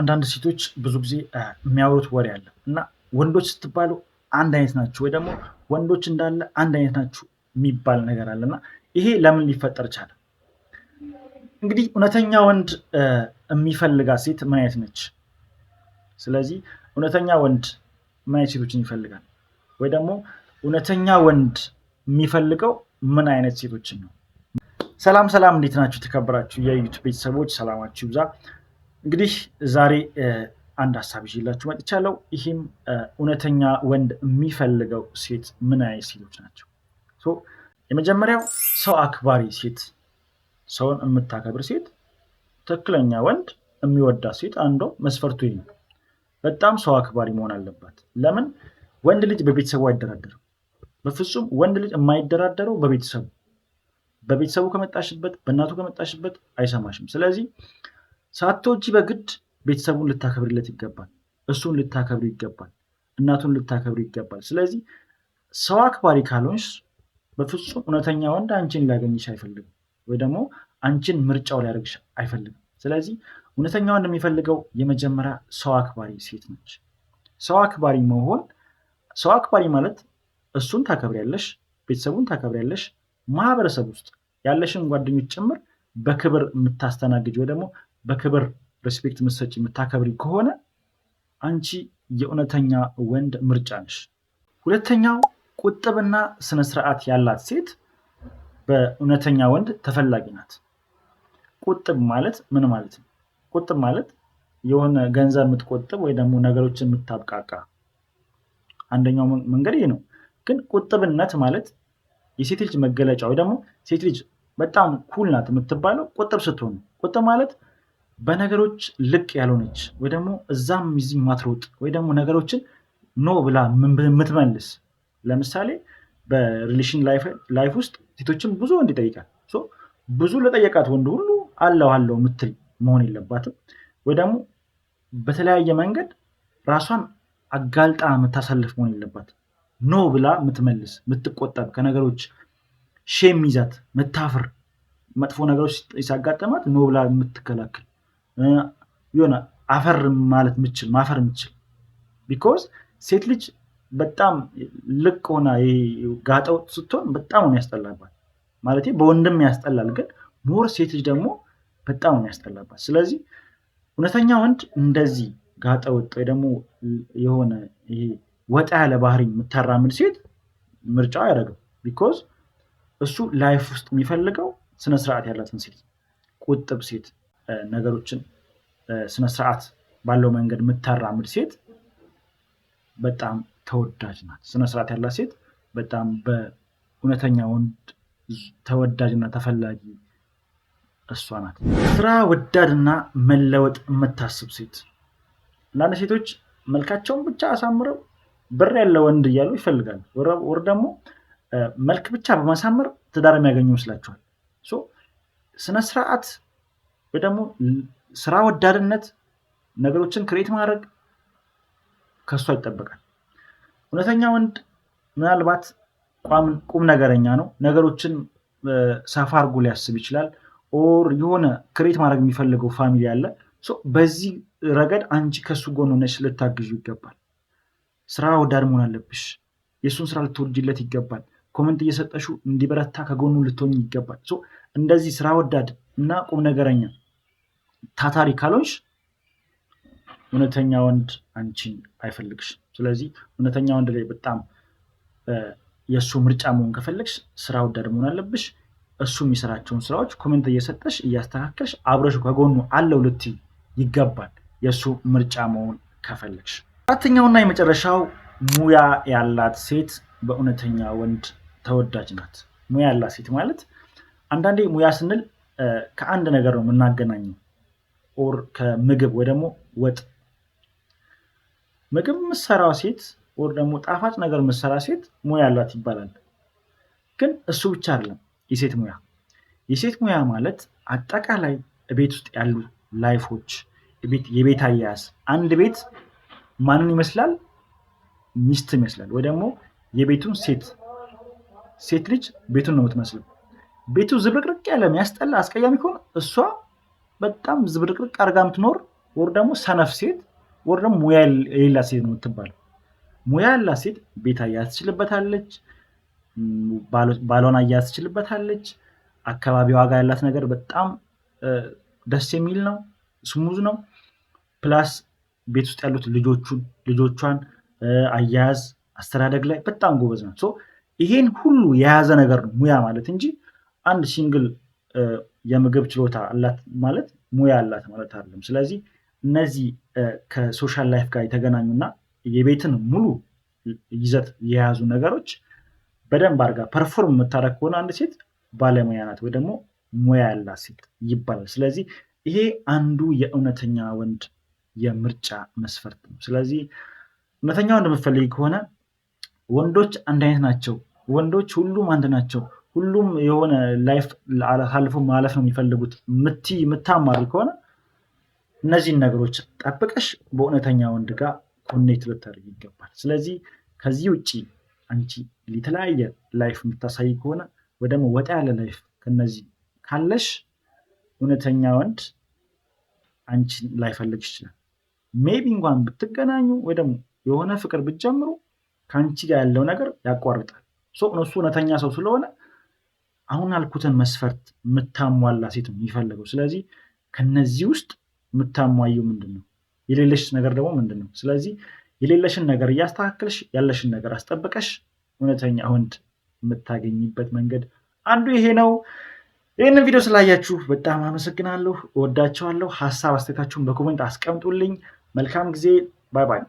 አንዳንድ ሴቶች ብዙ ጊዜ የሚያወሩት ወሬ አለ እና ወንዶች ስትባሉ አንድ አይነት ናችሁ ወይ ደግሞ ወንዶች እንዳለ አንድ አይነት ናችሁ የሚባል ነገር አለ እና ይሄ ለምን ሊፈጠር ቻለ? እንግዲህ እውነተኛ ወንድ የሚፈልጋት ሴት ምን አይነት ነች? ስለዚህ እውነተኛ ወንድ ምን አይነት ሴቶችን ይፈልጋል? ወይ ደግሞ እውነተኛ ወንድ የሚፈልገው ምን አይነት ሴቶችን ነው? ሰላም ሰላም፣ እንዴት ናችሁ? የተከበራችሁ የዩቱብ ቤተሰቦች ሰላማችሁ ይብዛ። እንግዲህ ዛሬ አንድ ሀሳብ ይዤላችሁ መጥቻለሁ። ይህም እውነተኛ ወንድ የሚፈልገው ሴት ምን አይነት ሴቶች ናቸው? የመጀመሪያው ሰው አክባሪ ሴት፣ ሰውን የምታከብር ሴት፣ ትክክለኛ ወንድ የሚወዳ ሴት አንዱ መስፈርቱ ይህ ነው። በጣም ሰው አክባሪ መሆን አለባት። ለምን? ወንድ ልጅ በቤተሰቡ አይደራደርም። በፍጹም ወንድ ልጅ የማይደራደረው በቤተሰቡ በቤተሰቡ ከመጣሽበት በእናቱ ከመጣሽበት አይሰማሽም። ስለዚህ ሳትወጂ በግድ ቤተሰቡን ልታከብርለት ይገባል። እሱን ልታከብር ይገባል። እናቱን ልታከብር ይገባል። ስለዚህ ሰው አክባሪ ካልሆንሽ በፍጹም እውነተኛ ወንድ አንቺን ሊያገኝሽ አይፈልግም፣ ወይ ደግሞ አንቺን ምርጫው ሊያደርግሽ አይፈልግም። ስለዚህ እውነተኛ ወንድ የሚፈልገው የመጀመሪያ ሰው አክባሪ ሴት ነች። ሰው አክባሪ መሆን ሰው አክባሪ ማለት እሱን ታከብሪያለሽ፣ ቤተሰቡን ታከብሪያለሽ፣ ማህበረሰብ ውስጥ ያለሽን ጓደኞች ጭምር በክብር የምታስተናግጅ ወይ ደግሞ በክብር ሬስፔክት ምሰጭ የምታከብሪ ከሆነ አንቺ የእውነተኛ ወንድ ምርጫ ነሽ። ሁለተኛው ቁጥብና ስነስርዓት ያላት ሴት በእውነተኛ ወንድ ተፈላጊ ናት። ቁጥብ ማለት ምን ማለት ነው? ቁጥብ ማለት የሆነ ገንዘብ የምትቆጥብ ወይ ደግሞ ነገሮችን የምታብቃቃ አንደኛው መንገድ ይህ ነው። ግን ቁጥብነት ማለት የሴት ልጅ መገለጫ ወይ ደግሞ ሴት ልጅ በጣም ኩል ናት የምትባለው ቁጥብ ስትሆን ቁጥብ ማለት በነገሮች ልቅ ያልሆነች ወይ ደግሞ እዛም ዚ ማትሮጥ ወይ ደግሞ ነገሮችን ኖ ብላ የምትመልስ ለምሳሌ በሪሌሽን ላይፍ ውስጥ ሴቶችን ብዙ ወንድ ይጠይቃል። ብዙ ለጠየቃት ወንድ ሁሉ አለው አለው የምትል መሆን የለባትም። ወይ ደግሞ በተለያየ መንገድ ራሷን አጋልጣ የምታሳልፍ መሆን የለባት ኖ ብላ የምትመልስ የምትቆጠብ፣ ከነገሮች ሼም ይዛት ምታፍር፣ መጥፎ ነገሮች ሲያጋጠማት ኖ ብላ የምትከላከል የሆነ አፈር ማለት ምችል ማፈር ምችል ቢኮዝ ሴት ልጅ በጣም ልቅ ሆና ጋጠው ስትሆን በጣም ነው ያስጠላባት። ማለት በወንድም ያስጠላል፣ ግን ሞር ሴት ልጅ ደግሞ በጣም ነው ያስጠላባት። ስለዚህ እውነተኛ ወንድ እንደዚህ ጋጠወጥ ወይ ደግሞ የሆነ ይሄ ወጣ ያለ ባህሪ የምታራምድ ሴት ምርጫ አያደርግም። ቢኮዝ እሱ ላይፍ ውስጥ የሚፈልገው ስነስርዓት ያላትን ሴት፣ ቁጥብ ሴት ነገሮችን ስነስርዓት ባለው መንገድ የምታራምድ ሴት በጣም ተወዳጅ ናት። ስነስርዓት ያላት ሴት በጣም በእውነተኛ ወንድ ተወዳጅና ተፈላጊ እሷ ናት። ስራ ወዳድና መለወጥ የምታስብ ሴት። እንዳንድ ሴቶች መልካቸውን ብቻ አሳምረው ብር ያለ ወንድ እያሉ ይፈልጋሉ። ወር ደግሞ መልክ ብቻ በማሳመር ትዳር የሚያገኙ ይመስላቸዋል። ስነስርዓት ወይ ደግሞ ስራ ወዳድነት ነገሮችን ክሬት ማድረግ ከእሷ ይጠበቃል። እውነተኛ ወንድ ምናልባት ቁም ነገረኛ ነው። ነገሮችን ሰፋ አድርጎ ሊያስብ ይችላል። ኦር የሆነ ክሬት ማድረግ የሚፈልገው ፋሚሊ አለ። በዚህ ረገድ አንቺ ከሱ ጎን ሆነሽ ልታግዙ ይገባል። ስራ ወዳድ መሆን አለብሽ። የእሱን ስራ ልትወልጅለት ይገባል። ኮመንት እየሰጠሹ እንዲበረታ ከጎኑ ልትሆኝ ይገባል። እንደዚህ ስራ ወዳድ እና ቁም ነገረኛ ታታሪ ካልሆንሽ እውነተኛ ወንድ አንቺን አይፈልግሽ። ስለዚህ እውነተኛ ወንድ ላይ በጣም የእሱ ምርጫ መሆን ከፈለግሽ ስራ ወዳድ መሆን አለብሽ። እሱ የሚሰራቸውን ስራዎች ኮሜንት እየሰጠሽ እያስተካከልሽ አብረሽ ከጎኑ አለው ልትይ ይገባል፣ የእሱ ምርጫ መሆን ከፈለግሽ። አራተኛውና የመጨረሻው ሙያ ያላት ሴት በእውነተኛ ወንድ ተወዳጅ ናት። ሙያ ያላት ሴት ማለት አንዳንዴ ሙያ ስንል ከአንድ ነገር ነው የምናገናኘው ኦር ከምግብ ወይ ደግሞ ወጥ ምግብ ምሰራ ሴት ኦር ደግሞ ጣፋጭ ነገር ምሰራ ሴት ሙያ አላት ይባላል። ግን እሱ ብቻ አይደለም የሴት ሙያ። የሴት ሙያ ማለት አጠቃላይ ቤት ውስጥ ያሉ ላይፎች፣ የቤት አያያዝ አንድ ቤት ማንን ይመስላል? ሚስት ይመስላል ወይ ደግሞ የቤቱን ሴት ሴት ልጅ ቤቱን ነው የምትመስለው። ቤቱ ዝብርቅርቅ ያለ የሚያስጠላ አስቀያሚ ከሆነ እሷ በጣም ዝብርቅርቅ አድርጋ የምትኖር ወር ደግሞ ሰነፍ ሴት ወር ደግሞ ሙያ የሌላ ሴት ነው የምትባለው። ሙያ ያላት ሴት ቤት አያያዝ ትችልበታለች፣ ባሏን ትችልበታለች። አካባቢ ዋጋ ያላት ነገር በጣም ደስ የሚል ነው፣ ስሙዝ ነው። ፕላስ ቤት ውስጥ ያሉት ልጆቹን ልጆቿን አያያዝ አስተዳደግ ላይ በጣም ጎበዝ ነው። ይሄን ሁሉ የያዘ ነገር ነው ሙያ ማለት እንጂ አንድ ሲንግል የምግብ ችሎታ አላት ማለት ሙያ አላት ማለት አይደለም። ስለዚህ እነዚህ ከሶሻል ላይፍ ጋር የተገናኙና የቤትን ሙሉ ይዘት የያዙ ነገሮች በደንብ አድርጋ ፐርፎርም የምታረግ ከሆነ አንድ ሴት ባለሙያ ናት ወይ ደግሞ ሙያ ያላት ሴት ይባላል። ስለዚህ ይሄ አንዱ የእውነተኛ ወንድ የምርጫ መስፈርት ነው። ስለዚህ እውነተኛ ወንድ የምትፈልጊ ከሆነ ወንዶች አንድ አይነት ናቸው፣ ወንዶች ሁሉም አንድ ናቸው፣ ሁሉም የሆነ ላይፍ አሳልፎ ማለፍ ነው የሚፈልጉት ምቲ የምታማሪ ከሆነ እነዚህን ነገሮች ጠብቀሽ በእውነተኛ ወንድ ጋር ኮኔክት ልታደርግ ይገባል። ስለዚህ ከዚህ ውጭ አንቺ የተለያየ ላይፍ የምታሳይ ከሆነ ወይ ደግሞ ወጣ ያለ ላይፍ ከነዚህ ካለሽ እውነተኛ ወንድ አንቺን ላይፈልግ ይችላል። ሜቢ እንኳን ብትገናኙ ወይ ደግሞ የሆነ ፍቅር ብትጀምሩ ከአንቺ ጋር ያለው ነገር ያቋርጣል። እነሱ እውነተኛ ሰው ስለሆነ አሁን አልኩትን መስፈርት የምታሟላ ሴት ነው የሚፈልገው። ስለዚህ ከነዚህ ውስጥ የምታሟየው ምንድን ነው? የሌለሽ ነገር ደግሞ ምንድን ነው? ስለዚህ የሌለሽን ነገር እያስተካከልሽ ያለሽን ነገር አስጠብቀሽ እውነተኛ ወንድ የምታገኝበት መንገድ አንዱ ይሄ ነው። ይህንን ቪዲዮ ስላያችሁ በጣም አመሰግናለሁ። እወዳቸዋለሁ። ሀሳብ አስተያየታችሁን በኮመንት አስቀምጡልኝ። መልካም ጊዜ። ባይ ባይ።